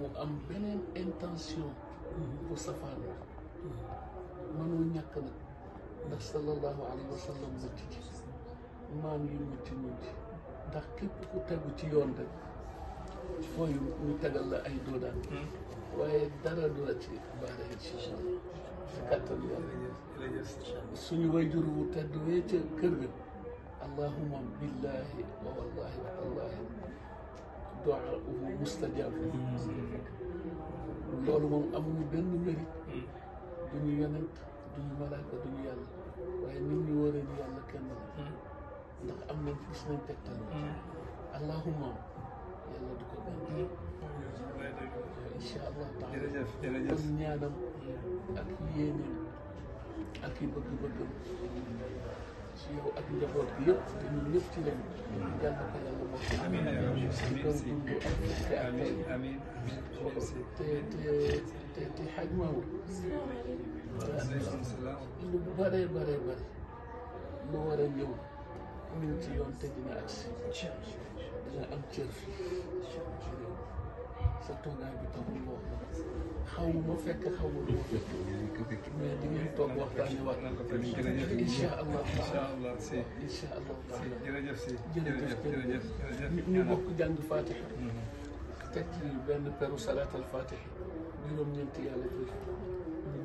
mu am beneen intention bu safaan mënoo ñàkk nag ndax sallallahu alayhi wa sallam mucc ci maam yi mucc mucc ndax képp ku tegu ci yoon rek fooy ñu tegal la ay doodaan waaye dara du la ci baara incha allah si kàttan yàlla wu tedd wee ca kër ga allahuma billahi wa wallahi wa allahi doxa uu musta jaafu loolu moom amuñu benn mérite duñu yonent duñu malaaka duñu yàlla waaye nit ñu wóoree ni yàlla kenn la ndax am nañ gis nañ tegtal allahuma yàlla du ko benn incha allah taala kon ñaanam ak yéeneem ak i bëgg-bëggam yow ak njaboot bi yëpp dañu ñëpp ci leen yàlla ko yàlla moo ko amiin amiin amiin te te te te xaj maawu lu bare bare bare lu war a ñëw ñu ci yoon te dina at dina am cër sa toogaay bi taxul lool xaw ma fekk to ma mais di ngeen toog waxtaanee waxtaan ko fekk incha allah incha allah si incha allah jërëjëf si jërëjëf jërëjëf ñu bokk jàng fatiha mhm. teg ci benn peru salaat al fatiha juróom-ñeenti yàlla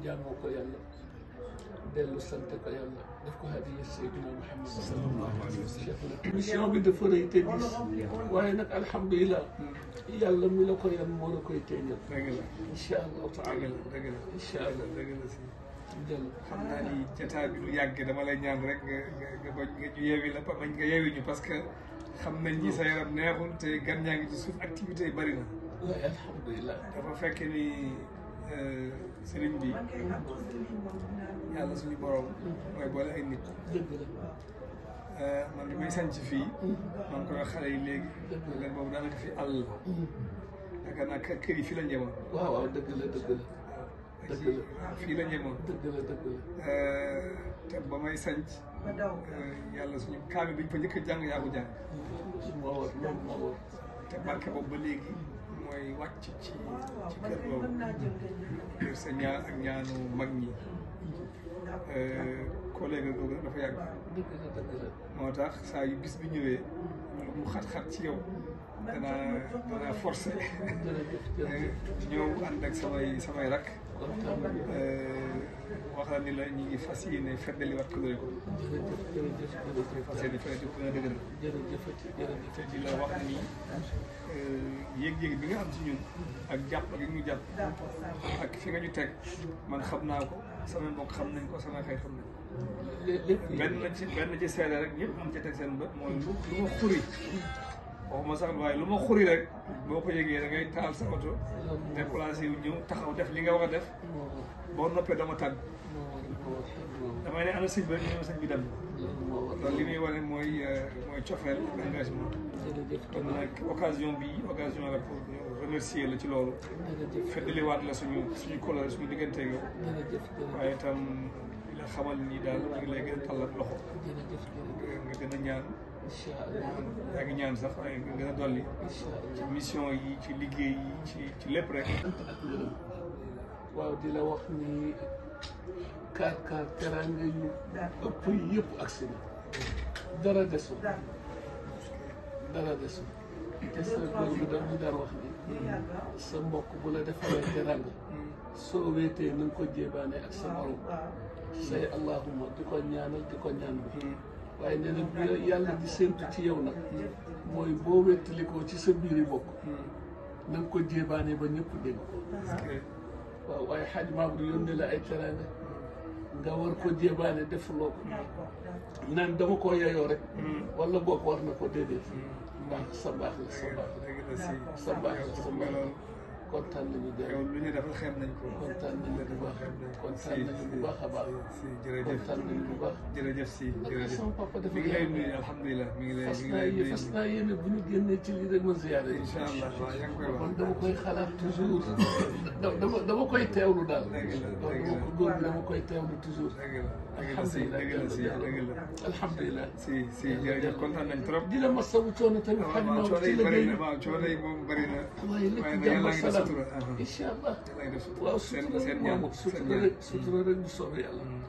jëf dellu sant ko yàlla def ko hadiya Seydina Muhammad sallallahu alayhi wa sallam mission bi dafa rëy te diis waaye nag alhamdulilah yàlla mi la ko yan moo la koy teeñal incha allahu taala incha allah jël xam naa ni jotaay bi lu yàgg dama lay ñaan rek nga nga bañ nga ñu yeewi la bañ nga yeewi ñu parce que xam nañ ni sa yaram neexul te gan ñaa ngi ci suuf activité yi bëri na waaye alhamdulilah dafa fekk ni sëriñ bi yàlla suñu borom mooy boole ay nit eh, man li may sànc fii man ko nga xale yi léegi leen boobu daanaka fi àll naka naka kër yi fii la ñemoon waaw waaw dëgg la dëgg la dëgg la fii la eh, ba may sànc eh, yàlla suñu kaami bi ñu fa njëkk a jàng yaa ko jàng moo war ba léegi mooy wàcc ci ci kër boobu sa ñaan ak ñaanu mag ñi euh, collègue googu dafa yàgg moo tax saa yu bis bi ñëwee mu xat-xat ci yow danaa force forcé ñëw ànd ak samay samay rak eh, wax la ni la ñu ngi fas yéene feddaliwaat ko looy ko. jërëjëf jërëjëf fas yéene fële gën a dëgëral. di la wax ni eh, yéeg-yéeg bi nga am ci ñun ak jàpp gi ñu jàpp ak fi nga ñu teg man xam naa ko sama mbokk xam nañ ko sama xëy xam nañ ko. lépp benn ci benn rek ñëpp am ca teg seen bët mooy lu ma xuri waxuma sax waaye lu ma xuri rek boo ko yëgee da ngay taal sa oto déplacé yu ñëw taxaw def li nga war a def boo noppee dama tàgg damay ne ana sëñ ba ñu sëñ bi dem loolu li muy wane mooy euh, mooy cofeel engagement kon nag occasion bi occasion la ñu remercier la ci loolu feddaliwaat la suñu suñu kóllëre suñu diggante ak yow waaye itam la xamal ni daal ñu ngi lay gën a tàllal loxo nga gën a ñaan incha allah yaa ngi ñaan sax waaye nga dolli. incha allah ci mission yi ci liggéey yi ci ci lépp rek. waaw di la wax ni kaar kaar teraanga yu ëpp yëpp ak seen dara desul dara desul te sa góor bi daf wax ni sa mbokk bu la defalee teraanga soo weetee na nga ko jébaane ak sa morom say allahuma di ko ñaanal di ko ñaan bi hmm. waaye nee na yàlla di séntu ci yow nag mooy boo wettalikoo ci sa biir yi bokk na ko jéebaane ba ñëpp dégg ko waaw waaye xaj Maodo yónnee la ay teraanga nga war ko jéebaane def loo naan dama koo yeyoo rek wala bokk war na ko déedéet mbaax sa mbaax la sa mbaax la sa mbaax la sa mbaax la kontaan nañu de yow lu ñu def xeeb nañ ko kontaan nañu bu baax kontaan nañu bu baax a baax si jërëjëf kontaan nañu bu baax jërëjëf si jërëjëf sama papa dafa mi ngi lay nuyu alhamdulilah mi ngi lay mi ngi lay nuyu fas naa yéene bu ñu génnee ci lii rek ma ziyaare incha allah waaw yaa ngi koy wax man dama koy xalaat toujours dama dama koy teewlu daal dama ko góor bi dama koy teewlu toujours dëgg la si dëgg la si dëgg la alhamdulilah si si jërëjëf kontaan nañ trop di la masawu coono tamit xam naa ci liggéey waaw coono yi moom bëri na waaye lépp jàmm salaam Sutura. Inşallah. Allah razı olsun. Sutura, sutura rengi soruyorlar.